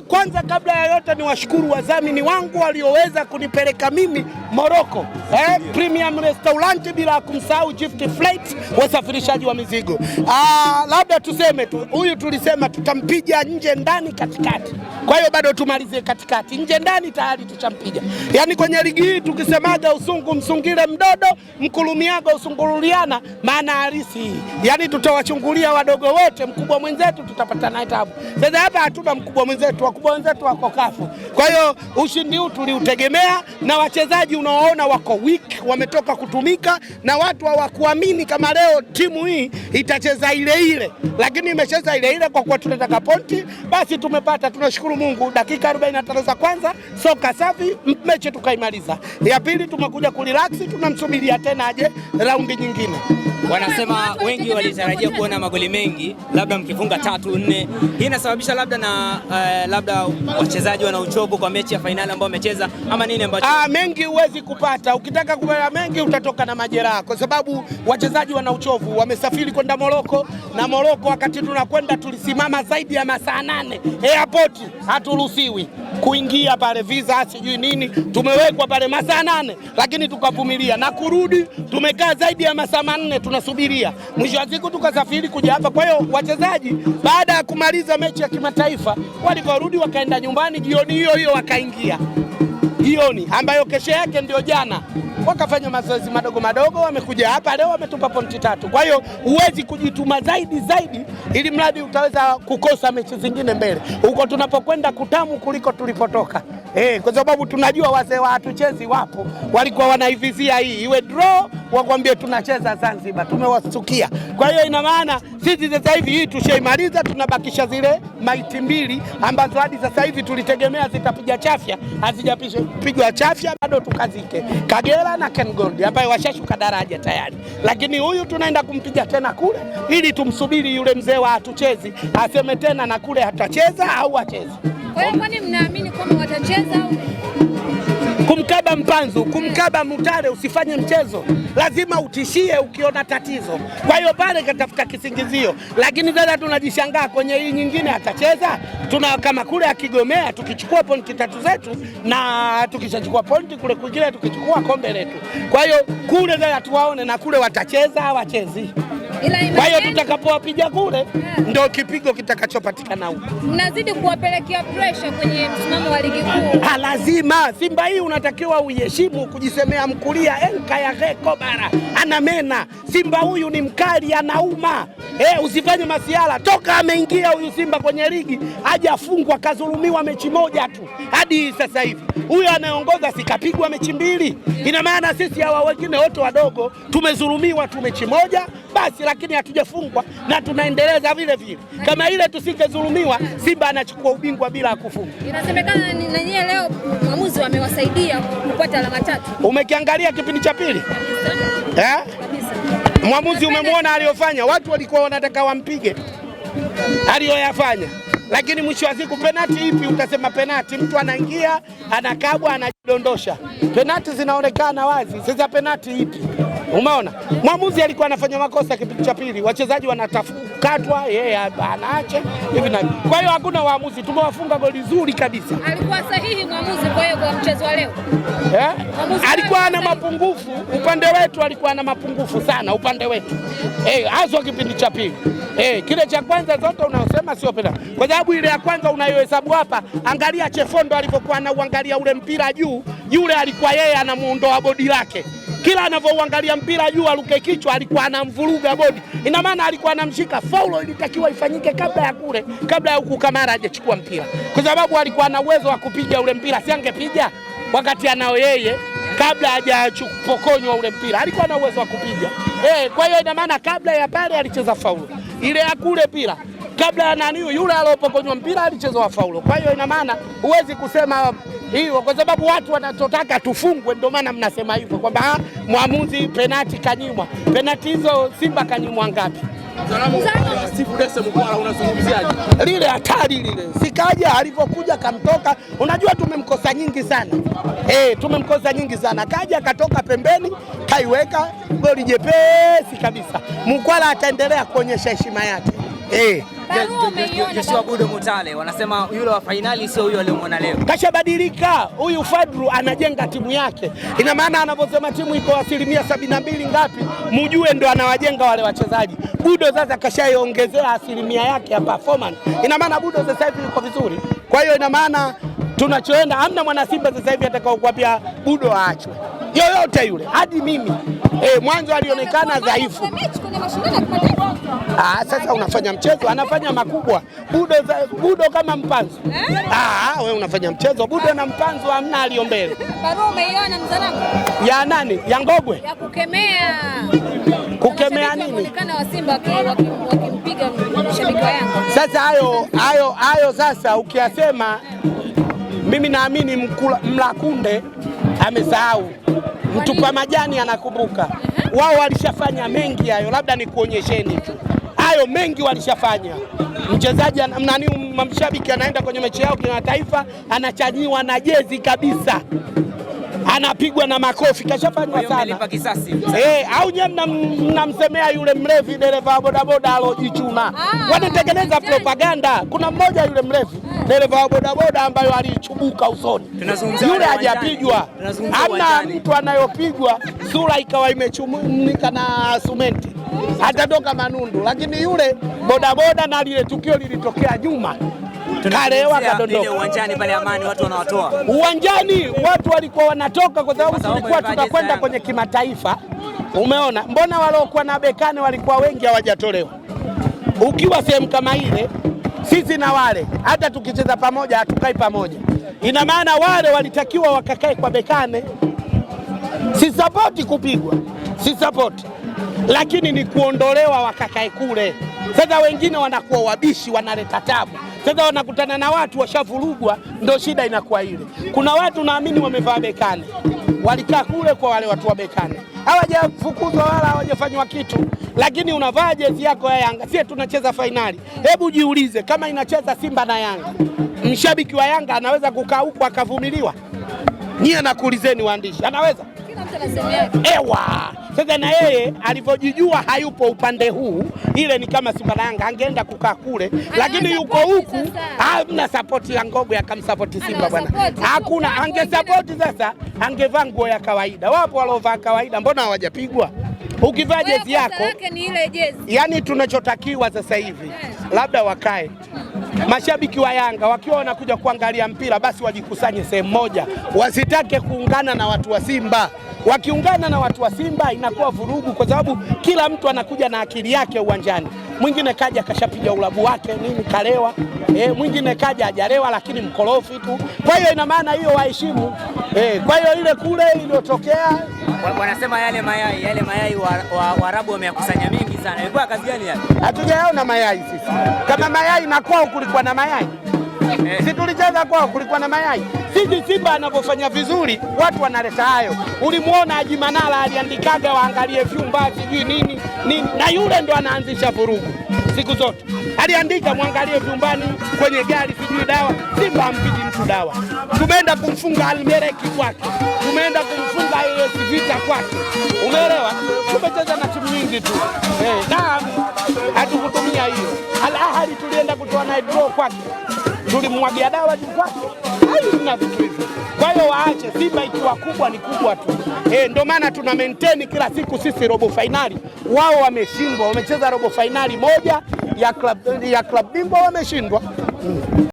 kwanza kabla ya yote niwashukuru wadhamini wangu walioweza kunipeleka mimi Morocco, eh, premium restaurant, bila kumsahau gift flight, wasafirishaji wa mizigo. Ah, labda tuseme tu huyu tulisema tutampiga nje ndani katikati, kwa hiyo bado tumalize katikati, nje ndani tayari tuchampiga. Yaani kwenye ligi hii tukisemaga usungu msungile mdodo mkulumiaga usunguruliana, maana halisi hii, yaani tutawachungulia wadogo wote, mkubwa mwenzetu tutapata naye tabu. Sasa hapa hatuna mkubwa mwenzetu, wakubwa wenzetu wako kafu. Kwa hiyo ushindi huu tuliutegemea na wachezaji unawaona wako weak, wametoka kutumika na watu hawakuamini kama leo timu hii itacheza ile ile, lakini imecheza ile ile kwa kuwa tunataka pointi, basi tumepata. Tunashukuru Mungu, dakika 45 za kwanza soka safi, mechi tukaimaliza. Ya pili tumekuja kurelax, tunamsubiria tena aje raundi nyingine wanasema wengi walitarajia kuona magoli mengi, labda mkifunga tatu nne. Hii inasababisha labda na uh, labda wachezaji wana uchovu kwa mechi ya fainali ambao wamecheza ama nini ambacho ah, mengi huwezi kupata. Ukitaka kupata mengi utatoka na majeraha, kwa sababu wachezaji wana uchovu, wamesafiri kwenda Moroko na Moroko, wakati tunakwenda tulisimama zaidi ya masaa nane airport, haturuhusiwi kuingia pale visa sijui nini, tumewekwa pale masaa nane, lakini tukavumilia na kurudi, tumekaa zaidi ya masaa manne tunasubiria. Mwisho wa siku tukasafiri kuja hapa. Kwa hiyo wachezaji baada ya kumaliza mechi ya kimataifa walivyorudi, wakaenda nyumbani jioni hiyo hiyo wakaingia jioni, ambayo kesho yake ndio jana wakafanya mazoezi madogo madogo, wamekuja hapa leo wametupa pointi tatu. Kwa hiyo huwezi kujituma zaidi zaidi, ili mradi utaweza kukosa mechi zingine mbele. Huko tunapokwenda kutamu kuliko tulipotoka eh, kwa sababu tunajua wazee wa hatuchezi wapo, walikuwa wanaivizia hii iwe draw, wakwambie tunacheza Zanzibar, tumewasukia Kwa hiyo ina maana sisi sasa hivi hii tushaimaliza, tunabakisha zile maiti mbili ambazo hadi sasa hivi tulitegemea zitapiga chafya, hazijapigwa chafya bado, tukazike Kagera na Ken Gold ambaye washashuka daraja tayari, lakini huyu tunaenda kumpiga tena kule, ili tumsubiri yule mzee wa hatuchezi aseme tena na kule atacheza au acheze. Kwa hiyo kwani mnaamini kwamba watacheza au kumkaba mpanzu, kumkaba mutare, usifanye mchezo, lazima utishie ukiona tatizo. Kwa hiyo pale katafuta kisingizio, lakini dada, tunajishangaa kwenye hii nyingine atacheza, tuna kama kule akigomea, tukichukua pointi tatu zetu, na tukishachukua pointi kule kwingine tukichukua kombe letu. Kwa hiyo kule dada, tuwaone, na kule watacheza hawachezi kwa hiyo tutakapowapiga kule yeah, ndio kipigo kitakachopatikana huko. Mnazidi kuwapelekea pressure kwenye msimamo wa ligi kuu. Ah, lazima Simba hii unatakiwa uiheshimu, kujisemea mkulia enka ya reko bara anamena. Simba huyu ni mkali, anauma eh, usifanye masiala. Toka ameingia huyu Simba kwenye ligi hajafungwa, kazulumiwa mechi moja tu hadi sasa hivi. Huyu anayeongoza sikapigwa mechi mbili, ina maana sisi hawa wengine wote wadogo tumezulumiwa tu mechi moja basi lakini hatujafungwa na tunaendeleza vile vile. Kama ile tusingezulumiwa, Simba anachukua ubingwa bila kufungwa. Inasemekana na nyie leo mwamuzi wamewasaidia kupata alama tatu. Umekiangalia kipindi cha pili eh? Mwamuzi umemwona aliyofanya, watu walikuwa wanataka wampige aliyoyafanya lakini mwisho wa siku penati ipi? Utasema penati, mtu anaingia anakabwa, anajidondosha. Penati zinaonekana wazi, sasa penati ipi? Umeona, mwamuzi alikuwa anafanya makosa ya kipindi cha pili, wachezaji wanatafukatwa, yeye yeah, hivi na kwa hiyo hakuna waamuzi, tumewafunga goli zuri kabisa. Alikuwa sahihi mwamuzi, kwa hiyo kwa mchezo wa leo yeah? alikuwa ana mapungufu upande wetu, alikuwa ana mapungufu sana upande wetu haswa eh, hey, kipindi cha pili hey, eh, kile cha kwanza zote unaosema sio pena, kwa sababu ile ya kwanza unayohesabu hapa, angalia Chefondo alivyokuwa anauangalia ule mpira juu, yule alikuwa yeye anamuondoa bodi lake kila anavyouangalia mpira juu aruke kichwa, alikuwa anamvuruga bodi. Ina maana alikuwa anamshika. Faulo ilitakiwa ifanyike kabla ya kule, kabla ya huku Kamara hajachukua mpira, kwa sababu alikuwa na uwezo wa kupiga ule mpira. Si angepiga wakati anao yeye, kabla hajapokonywa ule mpira, alikuwa na uwezo wa kupiga eh. Kwa hiyo ina maana kabla ya pale alicheza faulo ile ya kule pira kabla ya nani, yule alopokonywa mpira alichezewa faulo. Kwa hiyo ina maana huwezi kusema hiyo, kwa sababu watu wanachotaka tufungwe, ndio maana mnasema hivyo kwamba ah, mwamuzi penati kanyimwa. Penati hizo Simba kanyimwa ngapi? lile hatari lile? Sikaja alivyokuja kamtoka, unajua tumemkosa nyingi sana e, tumemkosa nyingi sana kaja katoka pembeni kaiweka goli jepesi kabisa. Mkwala ataendelea kuonyesha heshima yake. Eh, Joshua Budo Mutale wanasema yule wa fainali sio huyo aliyemwona leo. Kashabadilika. Huyu Fadru anajenga timu yake. Ina maana anavyosema timu iko asilimia sabini na mbili ngapi, mujue ndo anawajenga wale wachezaji. Budo sasa kashaiongezea asilimia yake ya performance. Ina maana Budo sasa hivi yuko vizuri. Kwa hiyo ina maana tunachoenda, hamna mwana Simba sasa hivi atakaokuambia Budo aachwe yoyote yule, hadi mimi e, mwanzo alionekana dhaifu. Ah, sasa unafanya mchezo, anafanya makubwa budo, za, budo kama mpanzo eh? Ah, we unafanya mchezo budo na mpanzo amna aliyo mbele ya nani ya ngogwe ya kukemea, kukemea nini? Sasa hayo hayo hayo sasa ukiyasema, mimi naamini mlakunde amesahau. Mtupa majani anakumbuka. Wao walishafanya mengi hayo, labda ni kuonyesheni tu hayo mengi walishafanya. Mchezaji nani, mshabiki anaenda kwenye mechi yao kimataifa, anachanyiwa na jezi kabisa anapigwa na makofi, kashafanywa sana eh. Au nyewe mnamsemea yule mlevi dereva wa bodaboda alojichuna, ah, wanatengeneza propaganda. Kuna mmoja yule mlevi dereva wa bodaboda ambayo alichubuka usoni, yule hajapigwa. Hamna mtu anayopigwa sura ikawa imechumika na sumenti atatoka manundu, lakini yule bodaboda na lile tukio lilitokea nyuma Kalewa kadondoka. Uwanjani pale Amani watu wanawatoa. Uwanjani watu walikuwa wanatoka kwa sababu tulikuwa tunakwenda kwenye kimataifa. Umeona, mbona waliokuwa na bekane walikuwa wengi hawajatolewa? Ukiwa sehemu kama ile, sisi na wale hata tukicheza pamoja hatukai pamoja. Ina maana wale walitakiwa wakakae kwa bekane. Si sapoti kupigwa, si sapoti, lakini ni kuondolewa wakakae kule. Sasa wengine wanakuwa wabishi, wanaleta tabu. Sasa wanakutana na watu washavurugwa, ndio shida inakuwa ile. Kuna watu naamini wamevaa bekani walikaa kule kwa wale watu wa bekani, hawajafukuzwa wala hawajafanywa kitu, lakini unavaa jezi yako ya Yanga. Sie tunacheza fainali, hebu jiulize, kama inacheza Simba na Yanga, mshabiki wa Yanga anaweza kukaa huku akavumiliwa? Nyie nakuulizeni waandishi, anaweza? Ewa sasa na yeye alivyojijua hayupo upande huu, ile ni kama Simba Yanga, angeenda kukaa kule, lakini yuko huku, hamna sapoti ya Ngogwe akamsapoti Simba bwana, hakuna. Angesapoti sasa, angevaa nguo ya kawaida. Wapo waliovaa kawaida, mbona hawajapigwa? Ukivaa jezi yako yaani, tunachotakiwa sasa hivi eh. labda wakae mashabiki wa Yanga wakiwa wanakuja kuangalia mpira, basi wajikusanye sehemu moja, wasitake kuungana na watu wa Simba. Wakiungana na watu wa Simba inakuwa vurugu, kwa sababu kila mtu anakuja na akili yake uwanjani. Mwingine kaja kashapiga ulabu wake nini, kalewa e, mwingine kaja hajalewa, lakini mkorofi tu. Kwa hiyo ina maana hiyo waheshimu e. Kwa hiyo ile kule iliyotokea wanasema yale mayai, yale mayai Waarabu wa, wa wameyakusanya mengi sana, Ilikuwa kazi gani? Hatujaona mayai sisi, kama mayai makwao kulikuwa na mayai Eh. Si tulicheza kwao, kulikuwa na mayai. Sisi Simba anavyofanya vizuri, watu wanaleta hayo. Ulimwona Haji Manara aliandikaga waangalie vyumba sijui nini nini, na yule ndo anaanzisha vurugu siku zote, aliandika mwangalie vyumbani, kwenye gari sijui dawa. Simba hampigi mtu dawa. Tumeenda kumfunga Almereki kwake, tumeenda kumfunga AS Vita kwake, umeelewa? Tumecheza na timu nyingi tu eh, na hatukutumia hiyo. Al Ahly tulienda kutoa naidro kwake tulimwagia dawa juu kwake na vitu hivyo. Kwa hiyo waache, Simba ikiwa kubwa ni kubwa tu e, ndio maana tuna maintain kila siku sisi robo fainali. Wao wameshindwa, wamecheza robo fainali moja ya club, ya club bingwa wameshindwa mm.